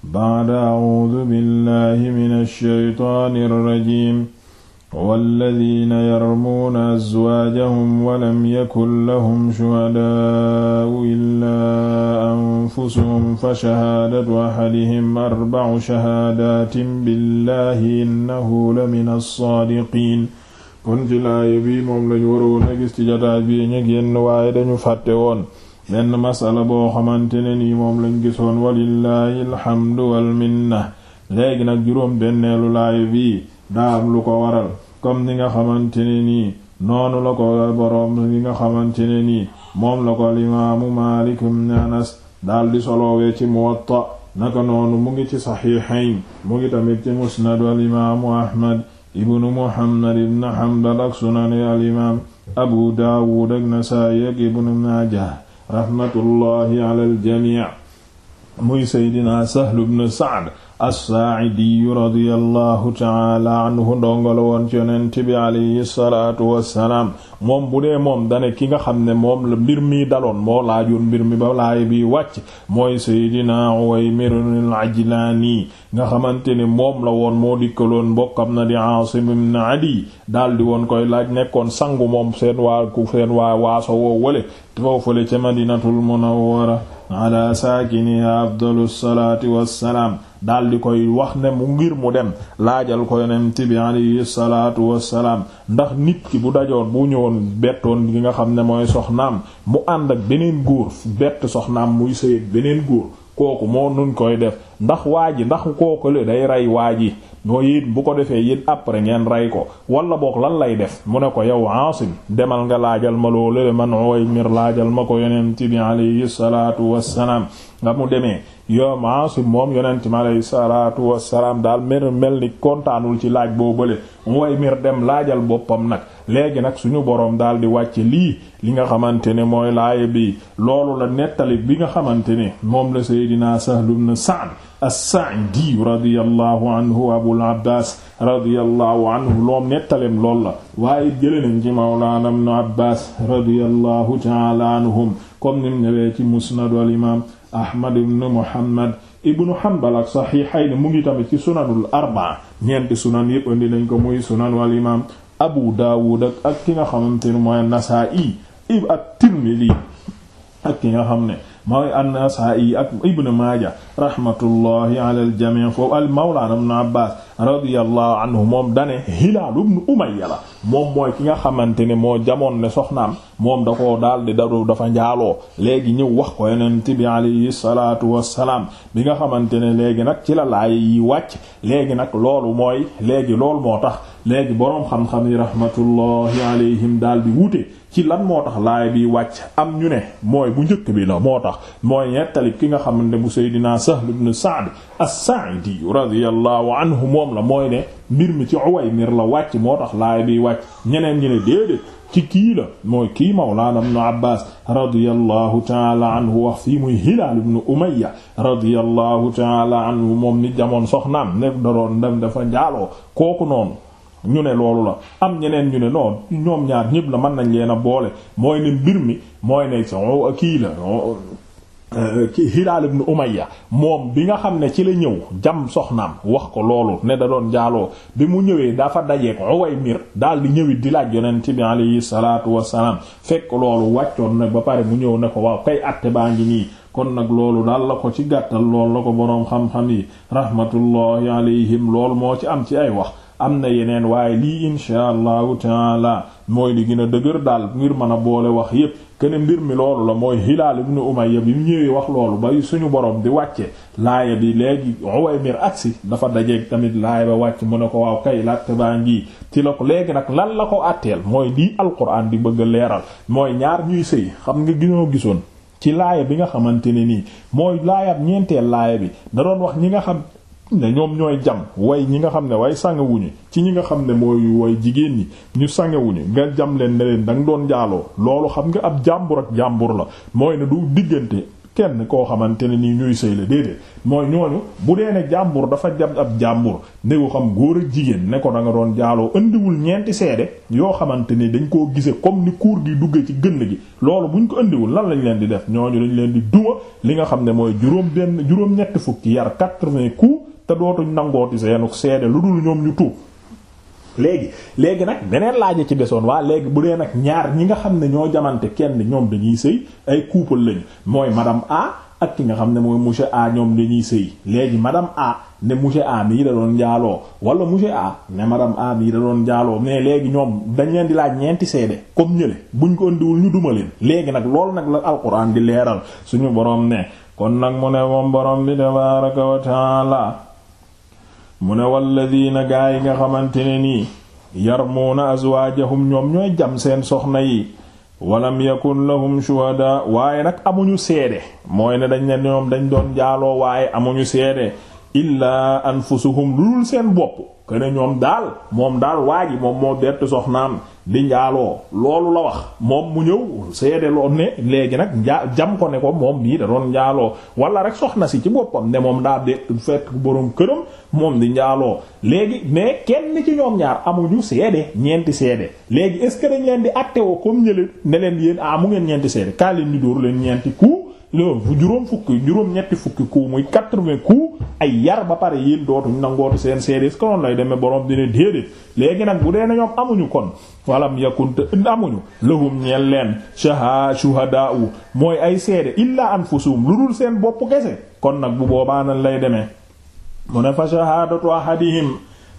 ba'da a'uudu billahi mina shaytaani rajiim walladiina yarmuuna azwaajahum walam yakun lahum shuhadaa'u illaa anfusuhum fa shahaadatu ahadihim arba'u shahaadaatin billahi innahu lamina as-saadiqiin kon ci laaya bi moom lañu waroon a gis ci jataay bi ñu génn waaye dañu fàtte woon benn masala boo xamante ne nii moom lañ gisoon walillahi alhamdu wal minna léegi nag juróom benneelu laaya bii daa lu ko waral comme ni nga xamante ne nii noonu la ko boroom li nga xamante ne nii moom la ko limaamu Maalik ibn Anas daldi solowee ci Muwatta naka noonu mu ngi ci saxiixayn mu ngi tamit ci musnadu alimaamu ahmad ibnu muhammad ibn hanbal ak sunani alimaam abu daawud ak nasaayi ak ibnu rahmatullahi ala al jamii muy seydina sahlu bnu saad assaacidiyu radiyallahu taala anhu ndongala woon ci yonent bi salaatu wassalaam moom bu dee moom dane ki nga xam ne moom la mbir mi daloon moo laajoon mbir mi ba laay bi wàcc mooy seydina Uwaymir al-Ajlaani nga xamante ne moom la woon moo dikkaloon mbokkam na di Aasim ibn Adi daal di woon koy laaj nekkoon sangu moom seen waa ku seen waa waaso woo wale le ca Madinatul Munawwara ala saakiniha afdalu salaati wassalaam daal di koy wax ne mu ngir mu dem laajal ko yonent bi alayhi salaatu salaam ndax nit ki bu dajoon bu ñëwoon bettoon gi nga xam ne mooy soxnaam mu ànd ak beneen góor bett soxnaam muy sëy beneen góor kooku moo nun koy def ndax waa ji ndax kookale day rey waa ji mooy it bu ko defee yéen après ngeen rey ko wala boog lan lay def mu ne ko yow Aasim demal nga laajal ma loolu le laajal ma ko yonent bi alayhi salaatu wassalaam nga mu demee yow Aasim moom yonent bi alayhi salaatu wassalaam daal mel mel ni kontaanul ci laaj boo bële miir dem laajal boppam nag léegi nag suñu boroom daal di wàcc lii li nga xamante ne mooy laaya bi loolu la nettali bi nga xamante ne moom la Seydina Sahl ibn saan as-Sa'di radiyallahu anhu Abul Abbas radiyallahu loom nettalem lool la waaye jële nañ ci Mawlana Ibn Abbas radiyallahu ta'ala anhum comme nim ñëwee ci Musnad al imam Ahmad ibn Muhammad ibnu Hanbal ak mu ngi tamit ci sunanul arba'a ñeenti sunan yëpp andi nañ ko muy sunan wal imam Abu Dawud ak ak ki nga xamante ne mooy Nasa'i ib ak ak ki nga xam ne mooy an-Nasaa'i ak Ibn Maaja rahmatullahi ala al-jamii' foofu al mawlaana ibn Abbaas radiyallahu anhu moom dane Hilaal ibn Umayya la moom mooy ki nga xamante ne moo jamoon ne soxnaam moom da koo daal di daru dafa njaaloo léegi ñëw wax ko yonent bi alayhi salaatu bi nga xamante ne léegi nag ci la laay yi wàcc léegi nag loolu mooy léegi loolu moo tax léegi boroom xam-xam yi rahmatullahi alayhim daal di wuute ci lan moo tax laay bi wàcc am ñu ne mooy bu njëkk bi la moo tax mooy ñettalib ki nga xamante ne bu Seydina Sahl ibn Sa'd as-Sa'idi radiyallahu anhu moom la mooy ne mbir mi ci Uwaymir la wàcc moo tax laay biy wàcc ñeneen ñi ne déedéet ci kii la mooy kii Mawlaana ibnu Abbaas radiyallahu taala anhu wax fii muy Hilaal ibnu Umayya radiyallahu taala anhu moom ni jamoon soxnaam ne da doon dafa njaaloo kooku noonu ñu ne loolu la am ñeneen ñu ne non ñoom ñaar ñépp la mën nañ leen a boole mooy ne mbir mi mooy ne sa kii la ki euh, Hilaal ibn Umayya moom bi nga xam ne ci la ñëw jam soxnaam wax ko loolu ne da doon jaaloo bi mu ñëwee dafa dajeek Uwaymir daal di ñëwit di laaj yonent bi alayhi salaatu wassalaam fekk loolu wàccoon na ba pare mu ñëw ne ko waaw kay àtte baa ngi nii kon nag loolu daal la ko ci gàttal lool la ko boroom xam-xam yi rahmatullahi alayhim lool moo ci am ci ay wax am na yeneen waaye lii insha allahu taala mooy li gën dëgër daal ngir mën a boole wax yépp kene mbir mi loolu la mooy Hilaal ibn Umayya bi mu ñëwee wax loolu ba suñu boroom di wàcce laaya bi léegi Uwaymir agsi dafa dajeeg tamit laaya ba wàcc mu ne ko waaw kay laajte baa ngi ci la ko léegi nag lan la ko àtteel mooy lii alquran di bëgg leeral mooy ñaar ñuy sëy xam nga ginoo gisoon ci laaya bi nga xamante ne nii mooy laayab ñeenteel laaya bi da doon wax ñi nga xam ne ñoom ñooy jam way ñi nga xam ne way sangewuñu ci ñi nga xam ne mooy way jigéen ñi ñu sangewuñu nga jam leen ne leen danga doon jaaloo loolu xam nga ab jàmbur ak jàmbur la mooy ne du diggante kenn koo xamante ne nii ñuy sëy la déedéet mooy ñooñu bu dee ne dafa jam ab jàmbur ne ko xam góor ak jigéen ne ko da nga doon jaaloo indiwul ñeenti seede yoo xamante ni dañ koo gisee comme ni kuur gi duggee ci gënn gi loolu buñ ko indiwul lan lañ leen di def ñooñu dañ leen di duma li nga xam ne mooy juróom benn juróom-ñetti fukki yar quatre-vingts coups te dootuñ nangooti seenu seede lu dul ñoom ñu tuub léegi léegi nag beneen laaja ci desoon waa léegi bu dee nag ñaar ñi nga xam ne ñoo jamante kenn ñoom dañuy sëy ay couple lañ mooy madame A ak ki nga xam ne mooy monsieur A ñoom dañuy sëy léegi madame A ne monsieur A mii da doon njaaloo wala monsieur A ne madame A mii da doon njaaloo mais léegi ñoom dañ leen di laaj ñeenti seede comme ñële buñ ko ëndiwul ñu duma leen léegi nag loolu nag la alxuraan di leeral suñu borom ne kon nag mu ne moom borom bi tabaaraka wa taala mu ne walladiina gaa yi nga xamante ne nii yarmuuna azwaajahum ñoom ñooy jam seen soxna yi walam yakun lahum shuhada waaye nag amuñu seede mooy ne dañ ne ñoom dañ doon jaaloo waaye amuñu seede illaa anfusuhum lu dul seen bopp kene ñoom daal moom daal waa ji moom moo bett soxnaam di njaaloo loolu la wax moom mu ñëw seedeloon ne léegi nag njaa jam ko ne ko moom mii da doon njaaloo wala rek soxna si ci boppam ne moom daa dekk fekk boroom këram moom di njaaloo léegi mais kenn ci ñoom ñaar amuñu seede ñeenti seede léegi est ce que dañ leen di àtte woo comme ñële ne leen yéen a ah, mu ngeen ñeenti seede kaa leen ñu dóor leen ñeenti ku loolu fu juróom fukki juróom ñetti fukki coup muy quatre-vingts coups ay yar ba pare yéen dootuñ nangootu seen seede est-ce lay demee borom dina déedéet léegi nag bu dee na ñoom amuñu kon walam yakun te amuñu lahum ñeel leen shaha shuhadaa mooy ay seede illaa anfusuhum lu dul seen boppu kese kon nag bu boobaa nan lay deme mu ne fa shahadatu ahadihim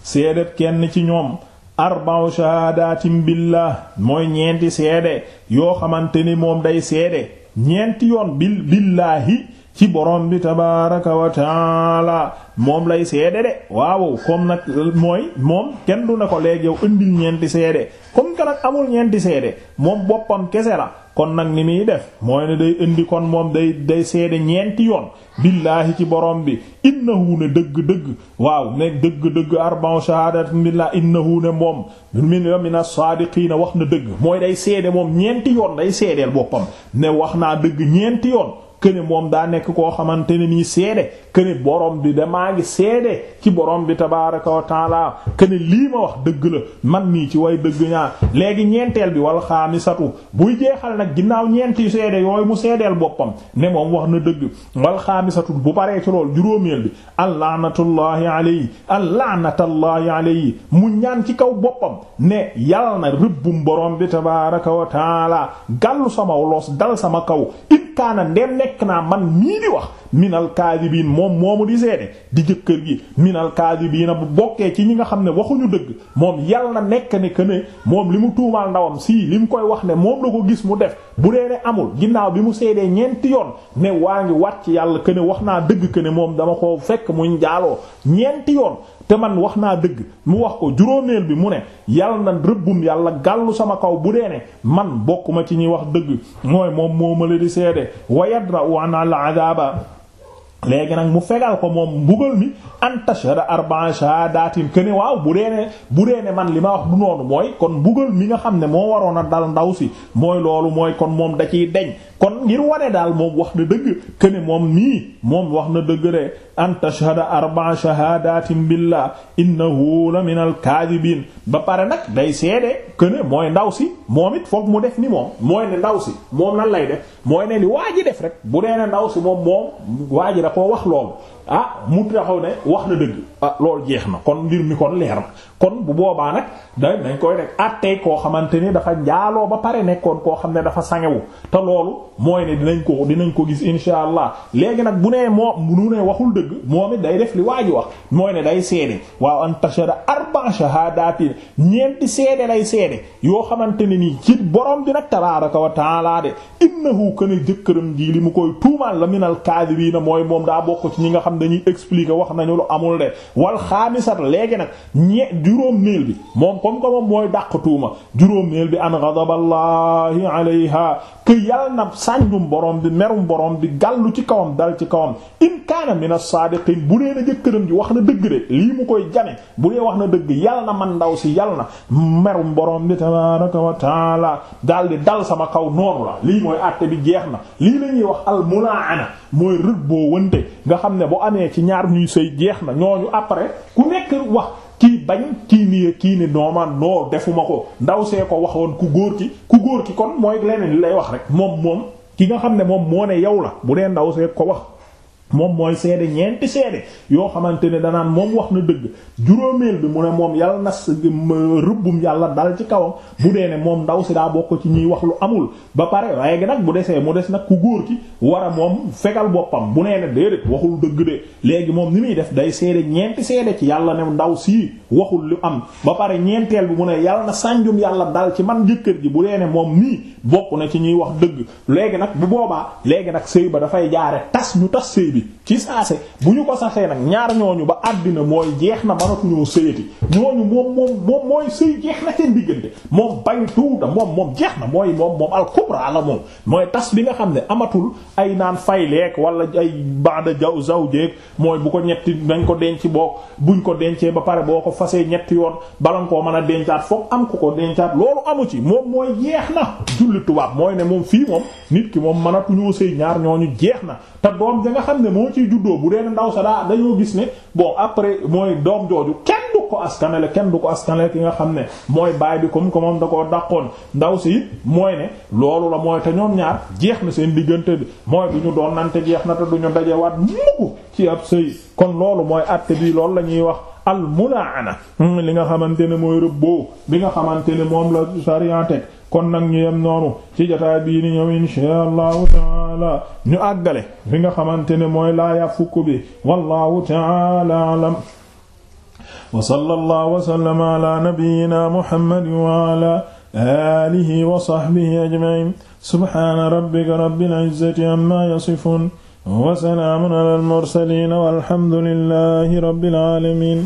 seedet kenn ci ñoom arba'u shahadatin billah mooy ñeenti seede yoo xamante ni moom day seede ñeenti yoon bil billaahi ci borom bi tabaaraka wa taala moom lay seede de waaw comme nag mooy moom kenn du ne ko léegi yow indil ñeenti seede comme que nag amul ñeenti seede moom boppam kese la kon nag ni muy def mooy ne day indi kon moom day day seede ñeenti yoon billaahi ci borom bi innahu ne dëgg-dëgg waaw ne dëgg-dëgg arba'u shahaadatin billaah innahu ne moom min as-saadiqiina wax na dëgg mooy day seede moom ñeenti yoon day seedeel boppam ne wax naa dëgg ñeenti yoon këne moom daa nekk koo xamante ne nii seede këne borom bi maa ngi seede ci borom bi tabaaraka wa këni këne lii ma wax dëgg la man nii ci way dëgg ñaa léegi ñeenteel bi wal xaamisatu buy jeexal nag ginnaaw ñeenti seede yooyu mu seedeel boppam ne moom wax na dëgg wal xaamisatu bu baree ci lool juróomeel bi allaanatullahi alayhi allaanatullahi alayhi mu ñaan ci kaw boppam ne yàlla na rëbbum borom bi tabaaraka wa taala gàllu sama los dal sama kaw in kaana ndeem nekk naa man mii di wax minal kaadibiin moom moomu di seede di jëkkër gi minal kaadibiin bu bokkee ci ñi nga xam ne waxuñu dëgg moom yal na nekk ne que ne moom li mu tuumaal ndawam sii li mu koy wax ne moom la ko gis mu def bu dee ne amul ginnaaw bi mu seedee ñeenti yoon ne waa ngi wat ci yàlla que ne wax naa dëgg que ne moom dama ko fekk muy njaaloo ñeenti yoon te man wax naa dëgg mu wax ko juróomeel bi mu ne yal na rëbbum yàlla gàllu sama kaw bu dee ne man bokkuma ci ñuy wax dëgg mooy moom moo ma la di seede léegi nag mu fegal ko moom mbugal mi an tashhada arba'a shahadatin waaw bu dee ne bu dee man li ma wax du noonu mooy kon mbugal mi nga xam ne moo waroon a dal ndaw si mooy loolu mooy kon moom da ciy deñ kon ngir wane daal moom wax na dëgg kene moom mii moom wax na dëgg de an tashhada arba'a shahadatin billah innahu la min al kadibin ba pare nag day seede kene mooy ndaw si moom it foog mu def ni moom mooy si moom nan lay def mooy ne rek bu dee ndaw si moom koo wax loolu ah mu taxaw ne wax na dëgg ah loolu jeex na kon ngir mi kon leer na kon bu boobaa nag da nañ koy rek attey koo xamante ni dafa njaaloo ba pare nekkoon koo xam ne dafa sangewu te loolu mooy ne dinañ ko dinañ ko gis insha allah léegi nag bu nee moom bu ne waxul dëgg moom day def li waa ji wax mooy ne day seede waaw an tashada arba shahadatin ñeenti seede lay seede yoo xamante ne nii ci borom bi nag tabaraka wa taala de innahu kana jëkkëram jii li mu koy tuumaal la minal kaadibiina mooy moom daa bokk ci ñi nga xam xam dañuy expliquer wax nañu lu amul de wal xaamisat léegi nag ñe juróom-ñeel bi moom comme que moom mooy dàq tuuma juróom-ñeel bi an ghadaballahi alayha que yàlla na sànjum borom bi merum borom bi gàllu ci kawam dal ci kawam in kaana min as-saadiqiin bu dee na jëkkëram ji wax na dëgg de lii mu koy jame bu dee wax na dëgg yal na man ndaw si yàlla na merum borom bi tabaaraka wa taala dal di dal sama kaw noonu la lii mooy àtte bi jeex na lii lañuy wax al amee ci ñaar ñuy sëy jeex na ñooñu après ku nekk wax kii bañ kii nii kii ni nooman noo defuma ko ndaw see ko waxoon ku góor ki ku góor ki kon mooy leneen li lay wax rek moom moom ki nga xam ne moom moo ne yow la bu dee ndaw see ko wax moom mooy seede ñeenti seede yoo xamante ne danaan moom wax na dëgg juróomeel bi mu ne moom yàlla na rëbbum yàlla dal ci kawam bu dee ne moom ndaw si daa bokk ci ñuy wax lu amul ba pare waaye gi nag bu desee mu des nag ku góor ki war a moom fegal boppam bu nee ne déedéet waxul dëgg léegi moom ni muy def day seede ñeenti seede ci yàlla ne ndaw sii waxul lu am ba pare ñeenteel bi mu ne yàlla na sànjum yàlla dal ci man jëkkër ji bu dee ne moom nii bokk na ci ñuy wax dëgg léegi nag bu boobaa léegi nag sëy ba dafay jaare tas ñu tas sëy bi jullit ci saase bu ñu ko saxee nag ñaar ñooñu ba àddina mooy jeex na mënatuñoo sëyati ñooñu moom moom moom mooy sëy jeex na seen moom moom moom jeex na mooy moom moom al moom mooy tas bi nga xam ne amatul ay naan fayleek wala ay baada jaw zawjeek mooy bu ko ñetti dañ ko denc boog buñ ko dencee ba pare boo ko fasee ñetti yoon bala nga koo mën a dencaat foog am ku ko dencaat loolu amu ci moom mooy jeex na julli tubaab mooy ne moom fii moom nit ki moom mënatuñoo sëy ñaar ñooñu jeex na te doom ja nga xam ne moo ciy juddoo bu dee ndaw sa daa dañoo gis ne bon après mooy doom jooju kenn du ko askanale kenn du ko askanale ki nga xam ne mooy baay bi comme comme moom da koo dàqoon ndaw si it mooy ne loolu la mooy te ñoom ñaar jeex na seen diggante bi mooy du ñu doon nante jeex na te du ñu dajewaat mukk ci ab sëy kon loolu mooy àtte bi loolu la ñuy wax al mulaana li nga xamante ne mooy rëbboo bi nga xamante ne moom la sariya teg kon nag ñu yem noonu ci jotaay bii ni ñëw insha allahu taala ñu àggale fi nga xamante ne mooy laaya fukk bi wallahu taala alam wa sallallahu wa sallama ala nabiyyina muhammad wa ala alihi wa sahbihi ajma'in subhana rabbika rabbil izzati amma yasifun wa salaamun ala al mursalin walhamdulillahi rabbil alamin